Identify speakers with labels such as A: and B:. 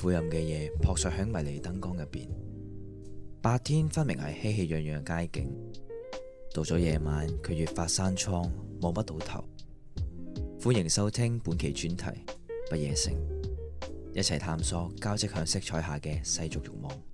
A: 灰暗嘅夜，撲朔喺迷離燈光入邊。白天分明係熙熙攘攘嘅街景，到咗夜晚，佢越發生瘡，望不到頭。歡迎收聽本期專題《不夜城》，一齊探索交織向色彩下嘅世俗欲望。